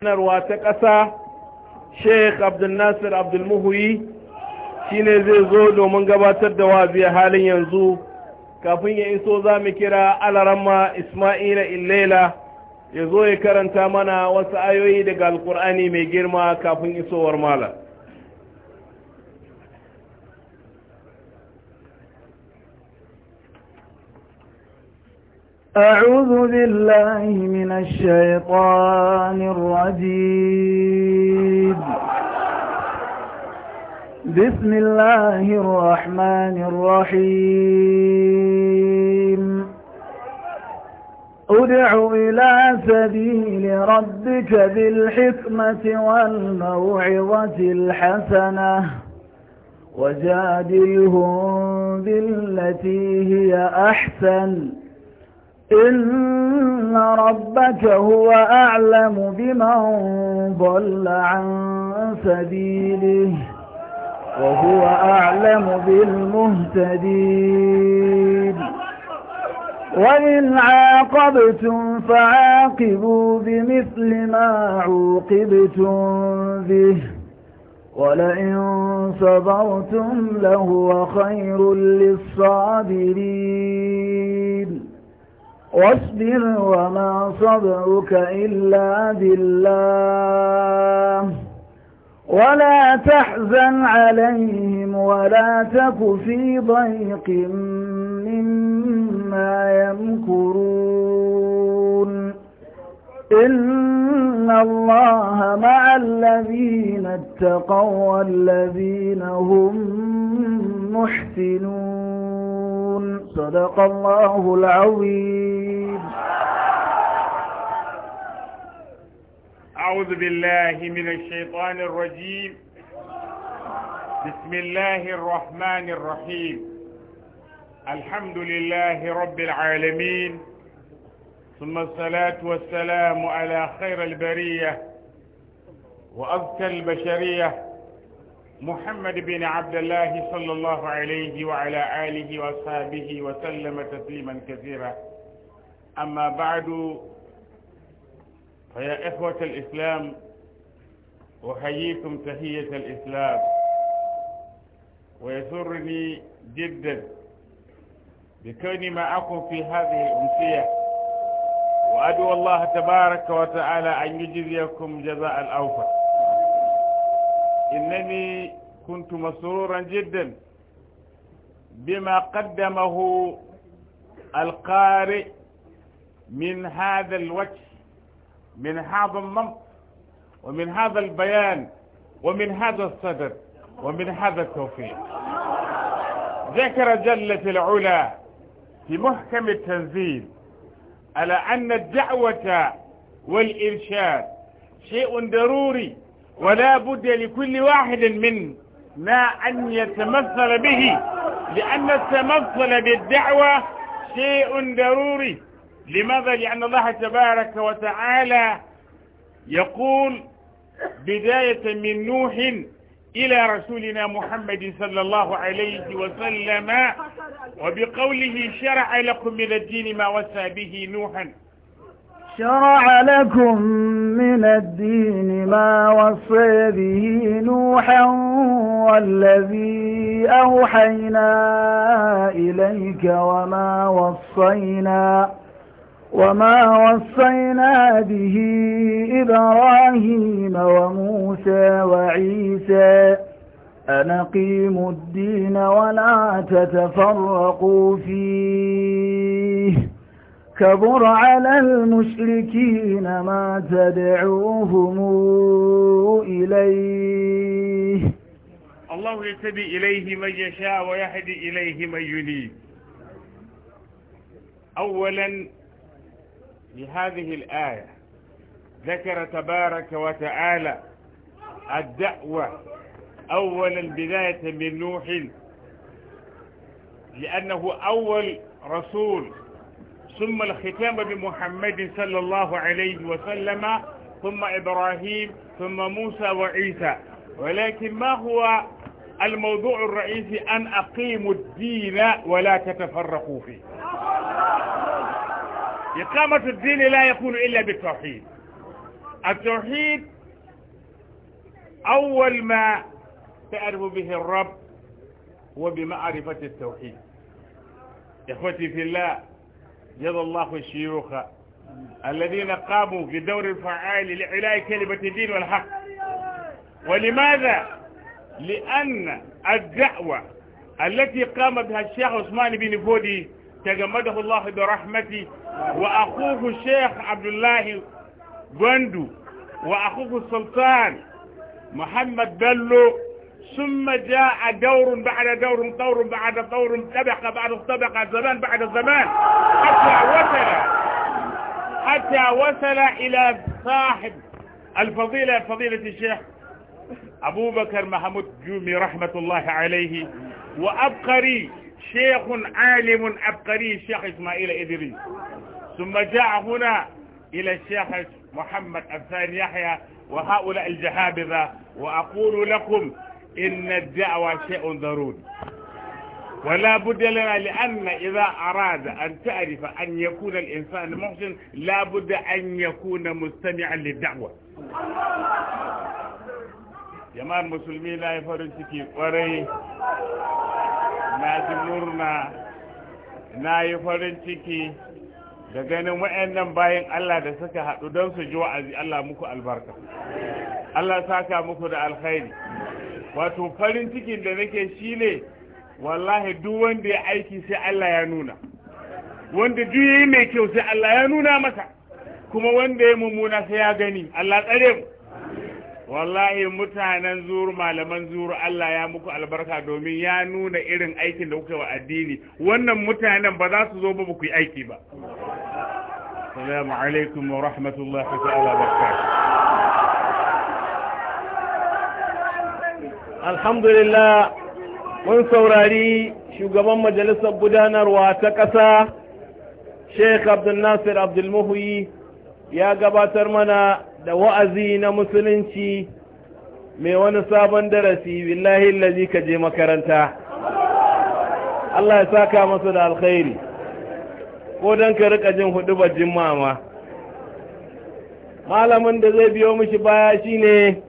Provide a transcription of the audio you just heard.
sanarwa ta ƙasa sheikh abdulnasir abdulmuhuyi shi ne zai zo domin gabatar da wazi a halin yanzu kafin ya iso za mu kira alarama ismaila illela ya zo ya karanta mana wasu ayoyi daga alkur'ani mai girma kafin isowar malam أعوذ بالله من الشيطان الرجيم بسم الله الرحمن الرحيم ادع إلى سبيل ربك بالحكمة والموعظة الحسنة وجادلهم بالتي هي أحسن إن ربك هو أعلم بمن ضل عن سبيله وهو أعلم بالمهتدين وإن عاقبتم فعاقبوا بمثل ما عوقبتم به ولئن صبرتم لهو خير للصابرين واصبر وما صبرك إلا بالله ولا تحزن عليهم ولا تك في ضيق مما يمكرون إن الله مع الذين اتقوا والذين هم محسنون صدق الله العظيم أعوذ بالله من الشيطان الرجيم بسم الله الرحمن الرحيم الحمد لله رب العالمين ثم الصلاة والسلام على خير البرية وأذكى البشرية محمد بن عبد الله صلى الله عليه وعلى آله وصحبه وسلم تسليما كثيرا أما بعد فيا إخوة الإسلام أحييكم تحية الإسلام ويسرني جدا بكوني معكم في هذه الأمسية وأدعو الله تبارك وتعالى أن يجزيكم جزاء الأوفر إنني كنت مسرورا جدا بما قدمه القارئ من هذا الوجه من هذا النمط ومن هذا البيان ومن هذا الصدر ومن هذا التوفيق ذكر جلة العلا في محكم التنزيل على أن الدعوة والإرشاد شيء ضروري ولا بد لكل واحد منا أن يتمثل به لأن التمثل بالدعوة شيء ضروري لماذا؟ لأن الله تبارك وتعالى يقول بداية من نوح إلى رسولنا محمد صلى الله عليه وسلم وبقوله شرع لكم من الدين ما وسى به نوحا شرع لكم من الدين ما وصى به نوحا والذي أوحينا إليك وما وصينا وما وصينا به إبراهيم وموسى وعيسى أن أقيموا الدين ولا تتفرقوا فيه كبر على المشركين ما تدعوهم إليه الله يتبي إليه من يشاء ويهدي إليه من ينيب أولا بهذه الآية ذكر تبارك وتعالى الدعوة أولا بداية من نوح لأنه أول رسول ثم الختام بمحمد صلى الله عليه وسلم ثم إبراهيم ثم موسى وعيسى ولكن ما هو الموضوع الرئيسي أن أقيموا الدين ولا تتفرقوا فيه إقامة الدين لا يكون إلا بالتوحيد التوحيد أول ما تعرف به الرب هو بمعرفة التوحيد إخوتي في الله جزا الله الشيوخ الذين قاموا بدور الفعال لعلاء كلمة الدين والحق ولماذا؟ لأن الدعوة التي قام بها الشيخ عثمان بن فودي تجمده الله برحمته وأخوه الشيخ عبد الله جندو وأخوه السلطان محمد بلو ثم جاء دور بعد دور طور بعد طور طبقة بعد طبقة زمان بعد زمان حتى وصل حتى وصل إلى صاحب الفضيلة فضيلة الشيخ أبو بكر محمود جومي رحمة الله عليه وأبقري شيخ عالم أبقري الشيخ إسماعيل ادري ثم جاء هنا إلى الشيخ محمد الثاني يحيى وهؤلاء الجهابذة وأقول لكم إن الدعوة شيء ضروري ولا بد لنا لأن إذا أراد أن تعرف أن يكون الإنسان محسن لا بد أن يكون مستمعا للدعوة جماعة المسلمين لا yi farin ciki ما تمرنا لا murna na da ganin wa'annan bayan Allah da suka haɗu don su ji wa'azi Allah muku albarka Allah saka muku da alkhairi wato farin cikin da nake shi ne wallahi duk wanda ya aiki sai Allah ya nuna wanda duk yayi mai kyau sai Allah ya nuna masa kuma wanda ya mummuna sai ya gani Allah tsare mu wallahi mutanen zuru malaman zuru Allah ya muku albarka domin ya nuna irin aikin da kuka wa addini wannan mutanen ba za su zo ba ku yi aiki ba assalamu alaikum wa rahmatullahi ta'ala barakatuh alhamdulillah mun saurari shugaban majalisar gudanarwa ta ƙasa sheikh abdulnasir abdulmuhuyi ya gabatar mana da wa'azi na musulunci mai wani sabon darasi billahi lalazi ka je makaranta Allah ya saka masa da alkhairi ko don ka rika jin hudu bajin mama malamin da zai biyo mishi baya shine